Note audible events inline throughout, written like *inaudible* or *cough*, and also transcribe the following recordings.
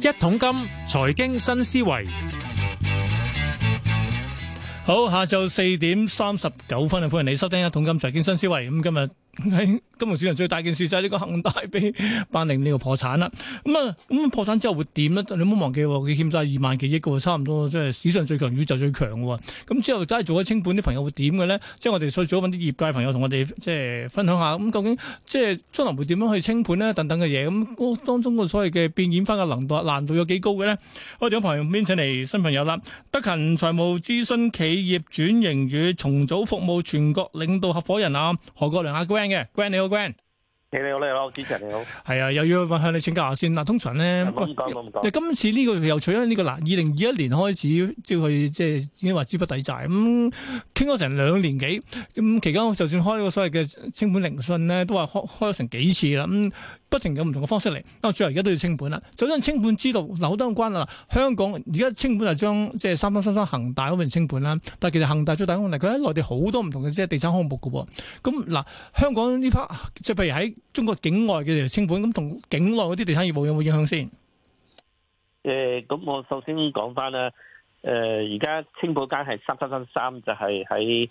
一桶金財經新思維，好，下晝四點三十九分啊，歡迎你收聽一桶金財經新思維。咁今日。喺 *laughs* 金融市場最大件事就係呢個恒大俾頒令呢個破產啦。咁啊，咁、嗯嗯、破產之後會點咧？你唔好忘記佢欠曬二萬幾億嘅喎，差唔多即係、就是、史上最強宇宙最強喎。咁、嗯、之後真係做咗清盤啲朋友會點嘅咧？即、就、係、是、我哋再早揾啲業界朋友同我哋即係分享下，咁、嗯、究竟即係將來會點樣去清盤咧？等等嘅嘢咁，當中個所謂嘅變現翻嘅能度難度有幾高嘅咧？我、嗯、哋朋友邊請嚟新朋友啦，德勤財務諮詢企業轉型與重組服務全國領導合伙人啊。何國樑阿嘅 Grant 你好 Grant 你好你好，主持人你好，係啊，又要向你請教下先。嗱、啊，通常咧，你、嗯、今、嗯嗯嗯嗯、次呢個又有趣，因為呢個嗱，二零二一年開始即係即係已經話資不抵債，咁傾咗成兩年幾，咁、嗯、期間就算開咗個所謂嘅清盤聆訊咧，都話開開咗成幾次啦。嗯不停有唔同嘅方式嚟，但係最後而家都要清盤啦。首先清盤知道好多關啦，香港而家清盤就將即係三三三三恒大嗰邊清盤啦。但係其實恒大最大問題，佢喺內地好多唔同嘅即係地產項目嘅喎。咁嗱，香港呢 part 即係譬如喺中國境外嘅清盤，咁同境內嗰啲地產業務有冇影響先？誒，咁我首先講返啦。誒，而家清盤間係三三三三，就係喺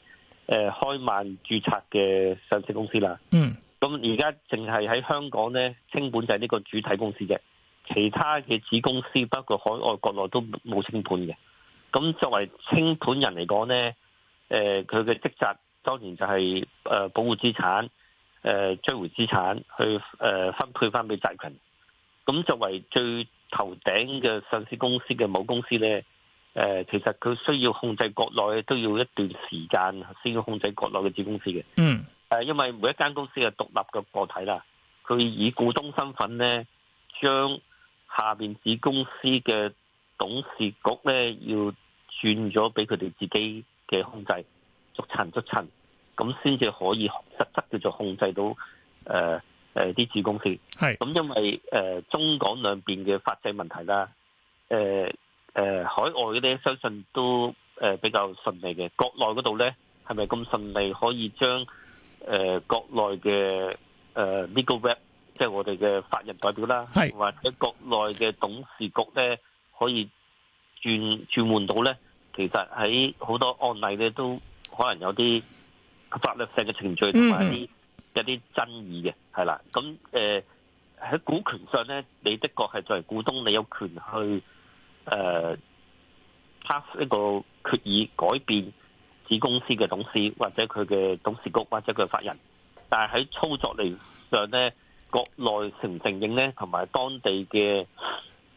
誒開曼註冊嘅上市公司啦。嗯。咁而家淨係喺香港呢清盤就係呢個主體公司嘅，其他嘅子公司包括海外國內都冇清盤嘅。咁作為清盤人嚟講呢，誒佢嘅職責當然就係誒保護資產、誒追回資產去誒分配翻俾債權。咁作為最頭頂嘅上市公司嘅母公司呢，誒其實佢需要控制國內都要一段時間先要控制國內嘅子公司嘅。嗯。誒，因為每一間公司係獨立嘅個體啦，佢以股東身份咧，將下邊子公司嘅董事局咧，要轉咗俾佢哋自己嘅控制，逐層逐層，咁先至可以實質叫做控制到誒誒啲子公司。係，咁因為誒、呃、中港兩邊嘅法制問題啦，誒、呃、誒、呃、海外嗰啲相信都誒比較順利嘅，國內嗰度咧係咪咁順利可以將？誒國內嘅誒 legal rep，即係我哋嘅法人代表啦，或者國內嘅董事局咧，可以轉轉換到咧。其實喺好多案例咧，都可能有啲法律性嘅程序同埋一啲一啲爭議嘅，係啦。咁誒喺股權上咧，你的確係作為股東，你有權去誒 pass 一個決議改變。子公司嘅董事或者佢嘅董事局或者佢嘅法人，但係喺操作嚟上咧，國內承唔承認咧，同埋當地嘅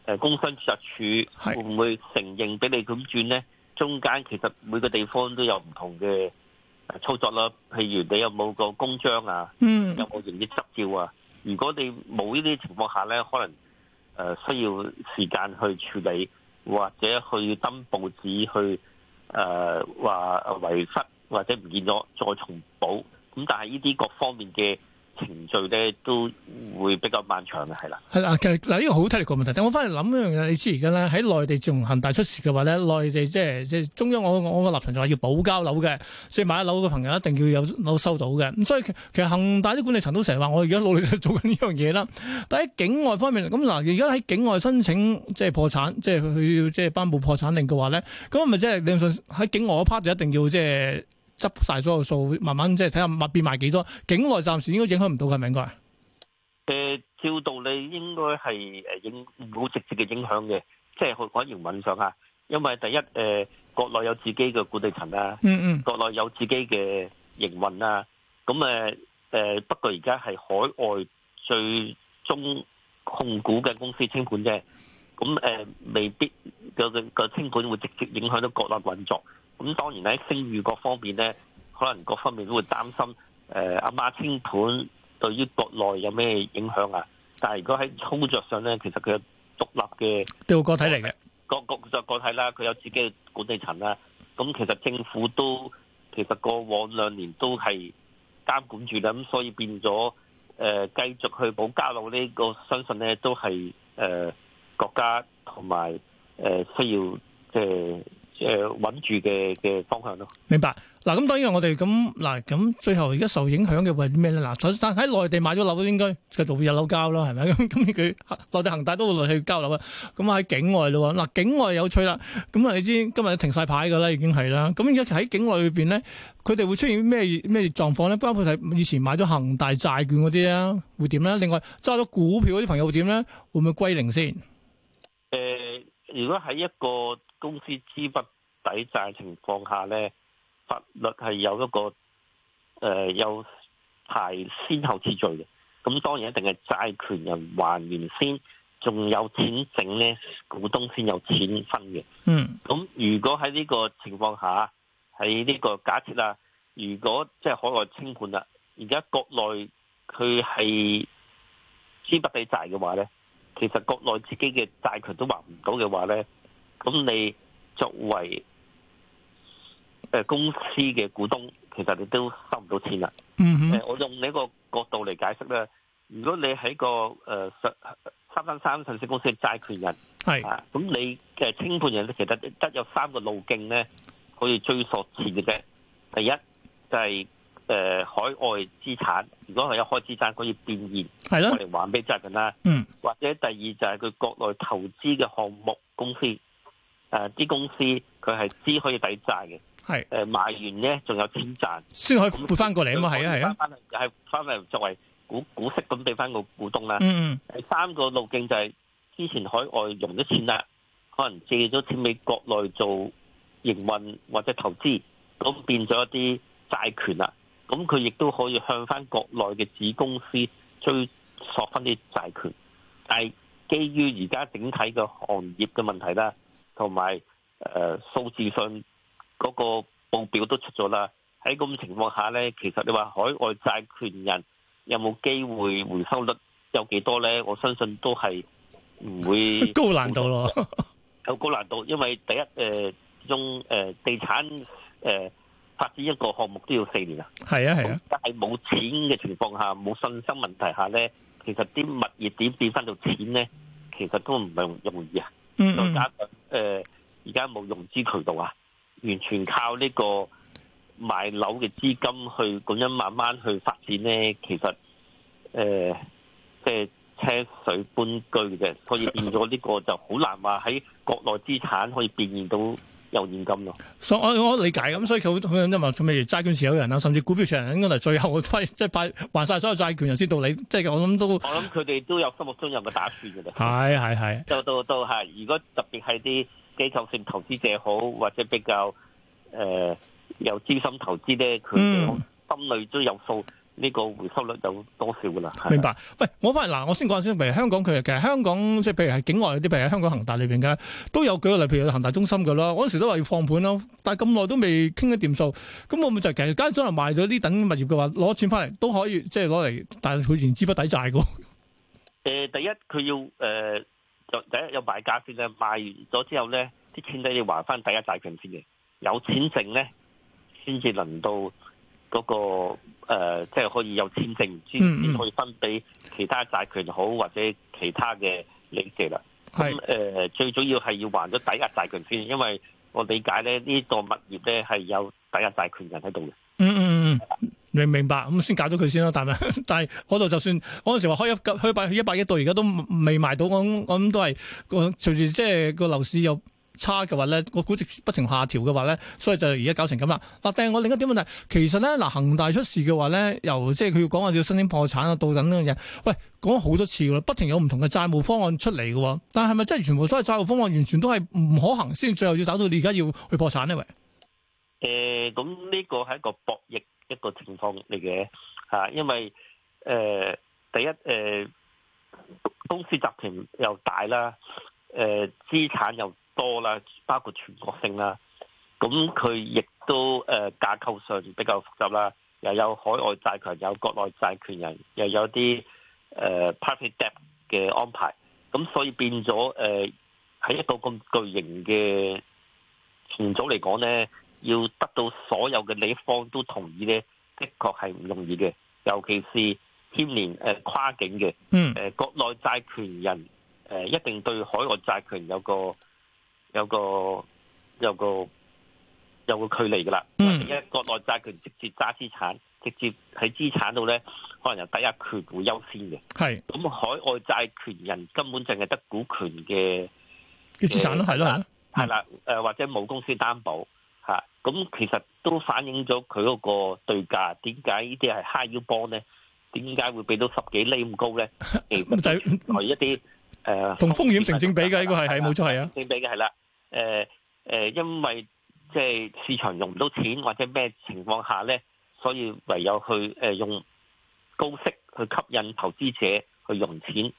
誒工商注冊處會唔會承認俾你咁轉咧？中間其實每個地方都有唔同嘅操作啦。譬如你有冇個公章啊？嗯、mm.，有冇營業執照啊？如果你冇呢啲情況下咧，可能誒需要時間去處理，或者去登報紙去。誒話遺失或者唔見咗，再重補咁，但係呢啲各方面嘅。程序咧都會比較漫長嘅，係啦，係啦。其實嗱，呢個好睇嚟個問題。等我翻嚟諗一樣嘢，你知而家咧喺內地自從恒大出事嘅話咧，內地即係即係中央，我我個立場就話要保交樓嘅，所以買樓嘅朋友一定要有樓收到嘅。咁所以其實恒大啲管理層都成日話，我而家努力做緊呢樣嘢啦。但喺境外方面，咁嗱，而家喺境外申請即係破產，即係佢要即係頒布破產令嘅話咧，咁係咪即係你唔信喺境外嗰 part 就一定要即係。執晒所有數，慢慢即係睇下物變賣幾多。境內暫時應該影響唔到嘅，唔應該。誒、呃，照道理應該係誒影冇直接嘅影響嘅，即係佢講營運上吓。因為第一誒、呃，國內有自己嘅管理層啊，嗯嗯，國內有自己嘅營運啊。咁誒誒，不過而家係海外最終控股嘅公司清盤啫。咁、啊、誒，未必個個、呃、清盤會直接影響到國內運作。咁當然喺聲譽各方面咧，可能各方面都會擔心誒阿、呃、媽，媽清盤對於國內有咩影響啊？但係如果喺操作上咧，其實佢有獨立嘅，個體嚟嘅，個個就個體啦。佢有自己嘅管理層啦。咁其實政府都其實過往兩年都係監管住啦。咁所以變咗誒、呃、繼續去補加路呢個，相信咧都係誒、呃、國家同埋誒需要即係。呃誒、呃，穩住嘅嘅方向咯。明白嗱，咁當然我哋咁嗱，咁最後而家受影響嘅會係咩咧？嗱，但喺內地買咗樓都應該繼續有樓交咯，係咪咁？咁 *laughs* 佢內地恒大都會落去交樓啊。咁喺境外咯，嗱境外有趣啦。咁啊，你知今日停晒牌噶啦，已經係啦。咁而家喺境外裏邊咧，佢哋會出現咩咩狀況咧？包括係以前買咗恒大債券嗰啲啊，會點咧？另外揸咗股票嗰啲朋友會點咧？會唔會歸零先？誒、呃。如果喺一個公司資不抵債情況下，呢法律係有一個誒、呃，有排先後次序嘅。咁當然一定係債權人還完先，仲有錢整，呢股東先有錢分嘅。嗯。咁如果喺呢個情況下，喺呢個假設啊，如果即係海外清盤啦，而家國內佢係資不抵債嘅話呢。其實國內自己嘅債權都還唔到嘅話咧，咁你作為誒公司嘅股東，其實你都收唔到錢啦。誒、嗯呃，我用呢個角度嚟解釋咧，如果你喺個誒三三三三上市公司嘅債權人，係，咁、啊、你嘅清盤人咧，其實得有三個路徑咧，可以追索錢嘅啫。第一就係、是。誒、呃，海外資產，如果係有海外資產可以變現，係咯，嚟還俾債人啦。嗯，或者第二就係佢國內投資嘅項目公司，誒、呃、啲公司佢係資可以抵債嘅。係，誒、呃、賣完咧仲有錢賺，先可以撥翻過嚟啊嘛。係啊，係啊，係翻嚟作為股股息咁俾翻個股東啦。嗯，第三個路徑就係之前海外融咗錢啦，可能借咗錢俾國內做營運或者投資，咁變咗一啲債權啦。咁佢亦都可以向翻國內嘅子公司追索翻啲債權，但係基於而家整體嘅行業嘅問題啦，同埋誒數字上嗰個報表都出咗啦。喺咁情況下呢，其實你話海外債權人有冇機會回收率有幾多呢？我相信都係唔會高難度咯，有高難度，因為第一、呃、中用、呃、地產、呃發展一個項目都要四年啊，係啊係啊，但係冇錢嘅情況下，冇信心問題下咧，其實啲物業點變翻到錢咧，其實都唔係容易啊。再加上，誒，而家冇融資渠道啊，完全靠呢個買樓嘅資金去咁樣慢慢去發展咧，其實，誒、呃，即、就、係、是、車水搬居嘅，所以變咗呢個就好難話喺國內資產可以變現到。有現金咯，所、so, 我我理解咁，所以佢好咁樣啫嘛。咁例如債券持有人啊，甚至股票持有人應該係最後去揮，即係派還晒所有債權人先到你。即、就、係、是、我諗都，我諗佢哋都有心目中有個打算嘅咧。係係係，就到到係，如果特別係啲機構性投資者好，或者比較誒、呃、有資深投資咧，佢心裏都有數。嗯呢、這個回收率就多少噶啦？明白？喂，我返嚟。嗱，我先講下先。譬如香港佢其實香港即係譬如係境外嗰啲，譬如喺香港恒大裏邊嘅都有幾個例子，如恒大中心嘅啦。嗰陣時都話要放盤咯，但係咁耐都未傾得掂數。咁我咪就其實間中可能賣咗呢等物業嘅話，攞錢翻嚟都可以即係攞嚟，但係佢仍資不抵債嘅。誒、呃，第一佢要誒，就、呃、第一有賣價先嘅，賣完咗之後咧，啲錢都要還翻第一債權先嘅，有錢剩咧先至輪到。嗰、那個、呃、即係可以有簽證，唔知點可以分俾其他債權好，或者其他嘅利息啦。咁、呃、最主要係要還咗抵押債權先，因為我理解咧，呢、這個物業咧係有抵押債權人喺度嘅。嗯嗯嗯，明明白，咁先搞咗佢先啦，但係但係嗰度就算嗰陣時話開一開一百一百億到，而家都未賣到，我我諗都係隨住即係個樓市有。差嘅話咧，個估值不停下調嘅話咧，所以就而家搞成咁啦。嗱，但係我另一點問題，其實咧嗱，恒大出事嘅話咧，由即係佢要講話要申請破產啊，到等等嘅嘢。喂，講咗好多次啦，不停有唔同嘅債務方案出嚟嘅，但係咪真係全部所有債務方案完全都係唔可行，先最後要找到你而家要去破產呢喂，誒、呃，咁、這、呢個係一個博弈一個情況嚟嘅吓，因為誒、呃、第一誒、呃，公司集團又大啦，誒、呃、資產又多啦，包括全國性啦，咁佢亦都誒架構上比較複雜啦，又有海外債權，有國內債權人，又有啲誒 private debt 嘅安排，咁所以變咗誒喺一個咁巨型嘅重組嚟講咧，要得到所有嘅利益方都同意咧，的確係唔容易嘅，尤其是牽連誒跨境嘅，誒、呃、國內債權人誒、呃、一定對海外債權有個。有個有個有個距離噶啦，因、嗯、為國內債權直接揸資產，直接喺資產度咧，可能是抵押權會優先嘅。係咁，海外債權人根本淨係得股權嘅資產咯、啊，係、呃、咯，係啦、啊，誒、啊啊啊啊、或者冇公司擔保吓，咁、啊啊嗯、其實都反映咗佢嗰個對價。點解呢啲係 High 腰波咧？點解會俾到十幾厘咁高咧、 *laughs* 啊？就係、是、一啲誒，同、呃、風險成正比嘅，呢個係係冇錯係啊，正、啊啊啊、比嘅係啦。誒、呃、誒、呃，因為即係市場用唔到錢或者咩情況下咧，所以唯有去誒、呃、用高息去吸引投資者去融錢。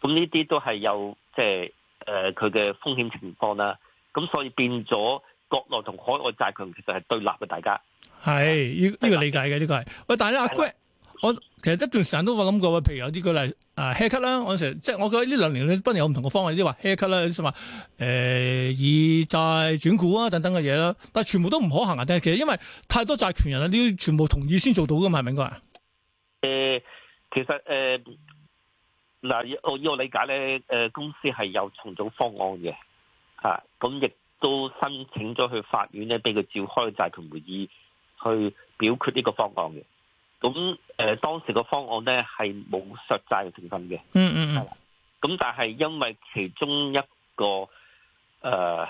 咁呢啲都係有即係誒佢嘅風險情況啦。咁所以變咗國內同海外債權其實係對立嘅，大家係呢、呢個理解嘅，呢個係喂，但係阿我其實一段時間都諗過，譬如有啲舉例啊 haircut 啦，我成即係我覺得呢兩年咧，不有唔同嘅方案，即係話 haircut 啦，有啲話誒以債轉股啊等等嘅嘢啦，但係全部都唔可行啊。但係，其實因為太多債權人啊，你要全部同意先做到噶嘛，係咪應該？誒，其實誒，嗱、呃，我以我理解咧，誒公司係有重組方案嘅，吓咁亦都申請咗去法院咧，俾佢召開債權人會議去表決呢個方案嘅。咁誒、呃、當時個方案咧係冇削債嘅成分嘅，嗯、mm-hmm. 嗯，係啦。咁但係因為其中一個誒，即、呃、係、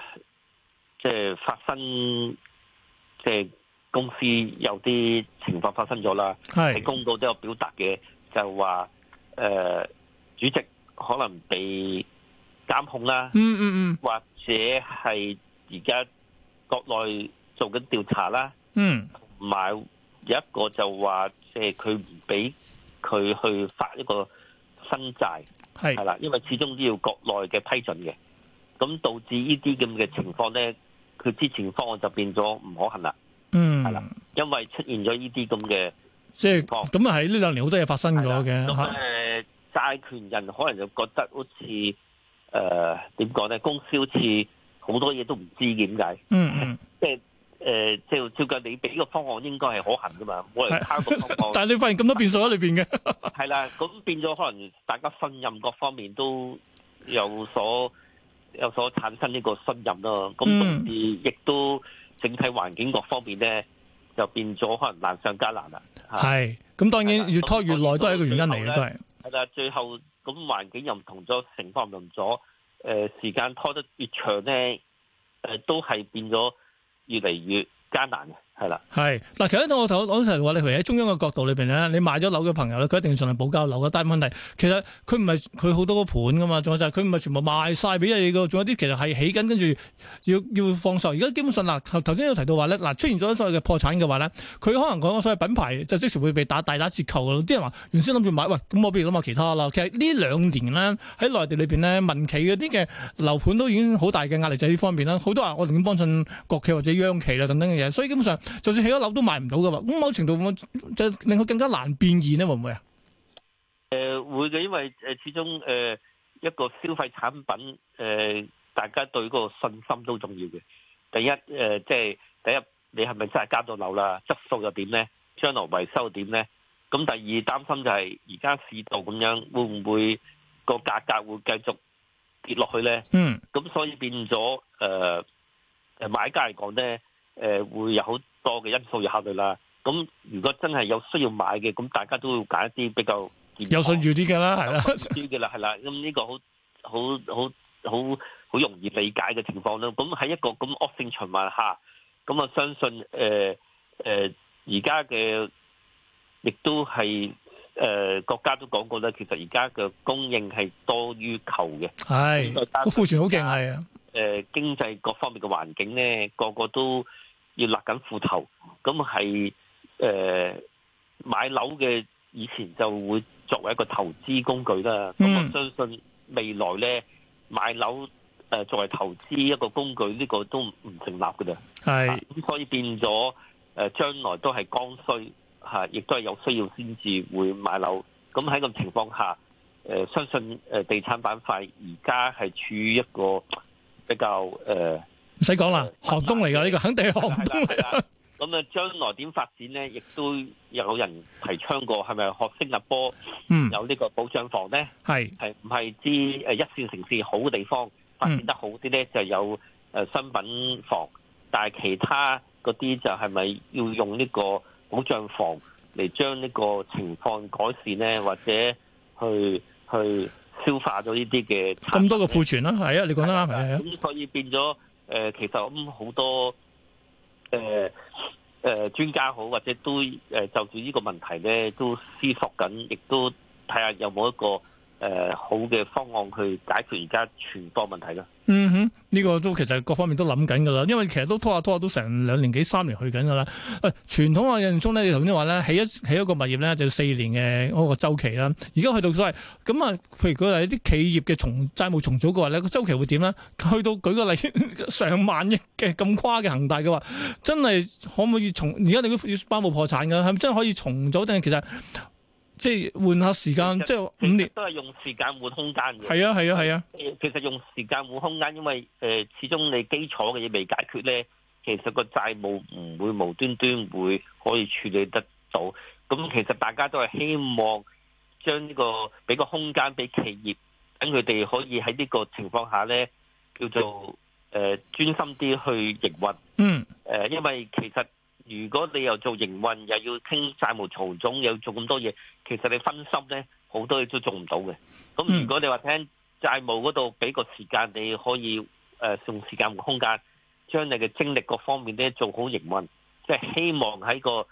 就是、發生即係、就是、公司有啲情況發生咗啦，係、mm-hmm. 公告都有表達嘅，就話誒、呃、主席可能被監控啦，嗯嗯嗯，或者係而家國內做緊調查啦，嗯，同埋，有一個就話，即係佢唔俾佢去發一個新債，係啦，因為始終都要國內嘅批准嘅，咁導致呢啲咁嘅情況咧，佢之前方案就變咗唔可行啦，嗯，係啦，因為出現咗呢啲咁嘅，即係講咁啊，喺呢兩年好多嘢發生咗嘅，誒、嗯呃、債權人可能就覺得好似誒點講咧，公司好似好多嘢都唔知點解。嗯即係。就是誒、呃，照照計，你俾個方案應該係可行噶嘛？冇人參考，但係你發現咁多變數喺裏邊嘅。係 *laughs* 啦，咁變咗可能大家信任各方面都有所、有所產生呢個信任啦。咁亦都整體環境各方面咧，就變咗可能難上加難啦。係，咁當然越拖越耐都係一個原因嚟嘅，都係。係啦，最後咁環境又唔同咗，情況唔同咗。誒、呃，時間拖得越長咧，誒、呃、都係變咗。越嚟越艱難嘅。係啦，係嗱，其實我頭我頭先提話咧，譬如喺中央嘅角度裏邊咧，你買咗樓嘅朋友咧，佢一定要盡量補交樓嘅。但係問題，其實佢唔係佢好多個盤噶嘛，仲有就係佢唔係全部賣晒俾你嘅，仲有啲其實係起緊，跟住要要放售。而家基本上嗱，頭先有提到話咧，嗱，出現咗所謂嘅破產嘅話咧，佢可能講所謂品牌就即時會被打大打折扣。啲人話原先諗住買，喂，咁我不如諗下其他啦。其實兩呢兩年咧，喺內地裏邊咧，民企嘅啲嘅樓盤都已經好大嘅壓力，就係、是、呢方面啦。好多人我寧願幫襯國企或者央企啦等等嘅嘢，所以基本上。就算起咗樓都賣唔到噶嘛，咁某程度就令佢更加難變現咧、呃，會唔會啊？誒，會嘅，因為誒，始終誒、呃、一個消費產品誒、呃，大家對個信心都重要嘅。第一誒，即、呃、係、就是、第一，你係咪真係交到樓啦？質素又點咧？將來維修又點咧？咁第二擔心就係而家市道咁樣，會唔會個價格會繼續跌落去咧？嗯。咁所以變咗誒誒，買家嚟講咧。誒、呃、會有好多嘅因素要考慮啦。咁如果真係有需要買嘅，咁大家都要揀一啲比較健康有信譽啲嘅啦，係、嗯、啦，啲嘅啦，係啦。咁、嗯、呢、這個好好好好好容易理解嘅情況咯。咁喺一個咁惡性循環下，咁我相信誒誒而家嘅亦都係誒、呃、國家都講過咧，其實而家嘅供應係多於求嘅。係個庫存好勁，係啊。誒、呃、經濟各方面嘅環境咧，個個都。要勒緊褲頭，咁係誒買樓嘅，以前就會作為一個投資工具啦。咁、嗯、我相信未來呢，買樓誒作為投資一個工具呢、呢個都唔成立噶啦。係，咁所以變咗誒將來都係剛需吓，亦、啊、都係有需要先至會買樓。咁喺咁情況下，誒、呃、相信誒、呃、地產板塊而家係處於一個比較誒。呃唔使講啦，港東嚟噶呢個，肯定係港東的的。咁啊，將來點發展咧，亦都有人提倡過，係咪學新加坡有呢個保障房咧？係係唔係知？誒一線城市好嘅地方發展得好啲咧？就有誒商品房，但係其他嗰啲就係咪要用呢個保障房嚟將呢個情況改善咧，或者去去消化咗呢啲嘅咁多嘅庫存啦？係啊，你講得啱，係啊，可以變咗。誒、呃，其實咁好、嗯、多誒誒專家好，或者都誒、呃、就住呢個問題咧，都思索緊，亦都睇下有冇一個。誒、呃，好嘅方案去解決而家全部問題嘅。嗯哼，呢、這個都其實各方面都諗緊㗎啦。因為其實都拖下拖下都成兩年幾三年去緊㗎啦。誒、哎，傳統嘅印象咧，你頭先話咧，起一起一個物業咧，就四年嘅嗰個周期啦。而家去到所謂咁啊，譬如佢係啲企業嘅重債務重組嘅話咧，個周期會點咧？去到舉個例，上萬億嘅咁誇嘅恒大嘅話，真係可唔可以重？而家你都要包冇破產㗎，係咪真可以重組？定係其實？即係換下時間，即係五年都係用時間換空間嘅。係啊，係啊，係啊。誒，其實用時間換空間，因為誒始終你基礎嘅嘢未解決咧，其實個債務唔會無端端會可以處理得到。咁其實大家都係希望將呢個俾個空間俾企業，等佢哋可以喺呢個情況下咧，叫做誒專心啲去營運。嗯。誒，因為其實。如果你又做營運，又要傾債務、重組，又做咁多嘢，其實你分心咧，好多嘢都做唔到嘅。咁如果你話聽債務嗰度俾個時間，你可以誒用時間和空間將你嘅精力各方面咧做好營運，即係希望喺個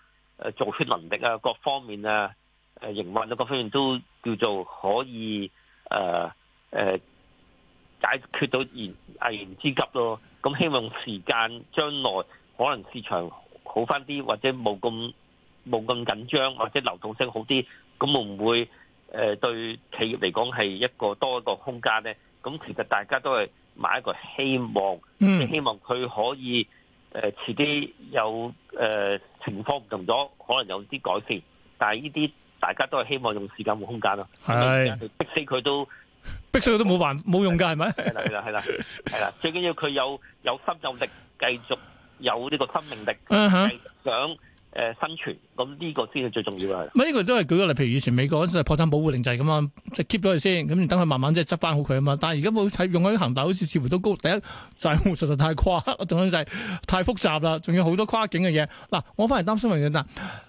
誒造血能力啊，各方面啊誒營運啊各方面都叫做可以誒誒解決到現危難之急咯。咁希望時間將來可能市場好翻啲，或者冇咁冇咁緊張，或者流動性好啲，咁會唔會誒對企業嚟講係一個多一個空間咧？咁其實大家都係買一個希望，希望佢可以誒遲啲有誒情況唔同咗，可能有啲改善。但係呢啲大家都係希望用時間換空間咯。係逼死佢，都逼死佢都冇辦冇用㗎，係咪？係啦係啦係啦，係啦，最緊要佢有有心有力繼續。有呢個生命力，係、uh-huh. 想誒、呃、生存，咁呢個先係最重要嘅。咁呢、這個都係舉個例，譬如以前美國即係破產保護令制咁即係 keep 咗佢先，咁你等佢慢慢即係執翻好佢啊嘛。但係而家冇睇用喺恒大，好似似乎都高第一債務，實在太誇張，仲有就係太複雜啦，仲要好多跨境嘅嘢。嗱、啊，我反而擔心嘅，嗱、啊，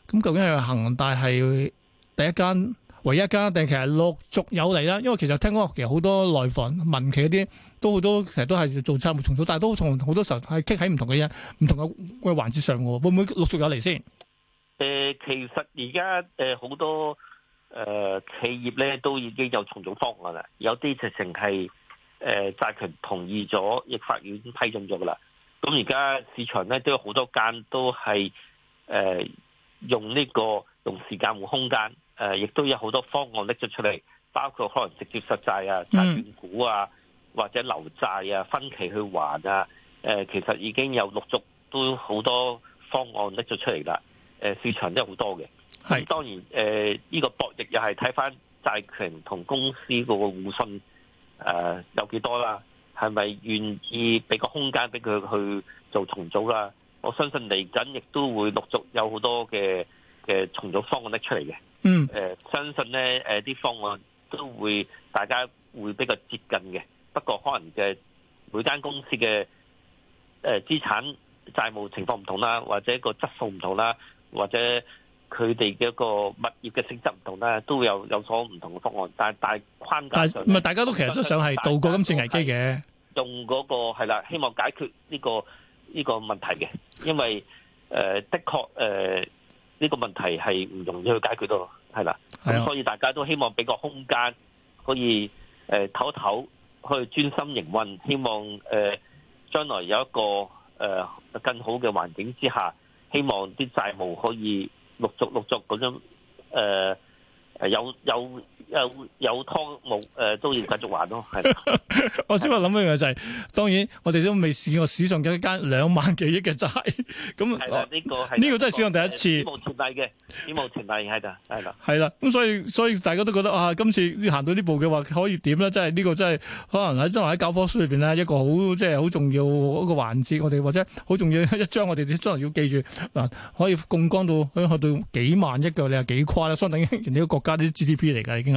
咁究竟係恒大係第一間？唯一間定其實陸續有嚟啦，因為其實聽講其實好多內房、民企啲都好多其實都係做債務重組，但係都同好多時候係傾喺唔同嘅嘢，唔同嘅環節上喎，會唔會陸續有嚟先？誒，其實而家誒好多誒、呃、企業咧都已經有重組方案啦，有啲直情係誒債權同意咗，亦法院批准咗噶啦。咁而家市場咧都有好多間都係誒、呃、用呢、這個用時間換空間。誒，亦都有好多方案拎咗出嚟，包括可能直接實債啊、債券股啊，或者留債啊、分期去還啊。誒，其實已經有陸續都好多方案拎咗出嚟啦。誒，市場都有好多嘅。係當然，誒，呢個博弈又係睇翻債權同公司嗰個互信誒有幾多啦，係咪願意俾個空間俾佢去做重組啦？我相信嚟緊亦都會陸續有好多嘅嘅重組方案拎出嚟嘅。嗯，誒、呃、相信咧，誒、呃、啲方案都會大家會比較接近嘅。不過可能嘅每間公司嘅誒、呃、資產債務情況唔同啦，或者個質素唔同啦，或者佢哋嘅一個物業嘅性質唔同啦，都會有有所唔同嘅方案。但係大框架上唔係大家都其實都想係渡過今次危機嘅，用嗰個係啦，希望解決呢個呢個問題嘅，因為誒、呃、的確誒。呃呢個問題係唔容易去解決到，係啦，咁所以大家都希望俾個空間可以誒唞一唞，可以專心營運，希望誒將來有一個誒更好嘅環境之下，希望啲債務可以陸續陸續咁樣誒誒有有。有有湯冇誒都要繼續還咯，係。 *laughs* 我先話諗一樣嘢就係、是，當然我哋都未試過史上嘅一間兩萬幾億嘅債，咁呢 *laughs* 嗯這個係呢真係史上第一次。冇停滯嘅，冇停滯係係啦。係啦，咁所以所以大家都覺得啊，今次行到呢步嘅話，可以點咧？真係呢個真係可能喺將來喺教科書裏面咧，一個好即係好重要一個環節。我哋或者好重要一章我哋真係要記住嗱，可以槓桿到去到幾萬億嘅，你話幾誇啦？相等於你個國家啲 GDP 嚟㗎，已經。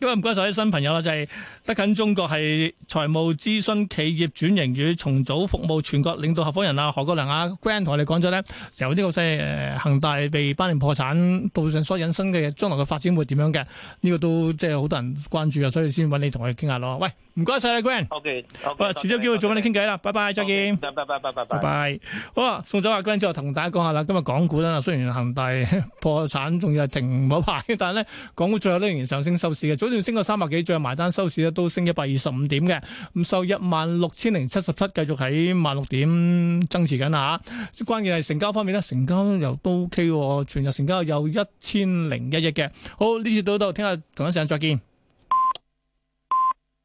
今日唔該晒啲新朋友啦，就係德勤中國係財務諮詢企業轉型與重組服務全國領導合伙人啊，何國樑啊 Grant 同你講咗咧，由呢個即係恒大被班年破產到上所引申嘅將來嘅發展會點樣嘅？呢、呢個都即係好多人關注啊，所以先搵你同佢傾下咯。喂，唔該晒啦 Grant。OK，好啊，遲啲機會再揾你傾偈啦，拜、okay, 拜、okay，再見。拜拜拜拜拜拜。好啊，送走阿 Grant 之後，同大家講下啦，今日港股啦，雖然恒大呵呵破產仲要係停咗牌，但係咧港股最後都仍然上升收市嘅。早段升過三百幾，最後埋單收市咧都升一百二十五點嘅，咁收一萬六千零七十七，繼續喺萬六點增持緊吓。關鍵係成交方面咧，成交又都 OK，全日成交有一千零一億嘅。好，呢次到度，聽日同一時間再見。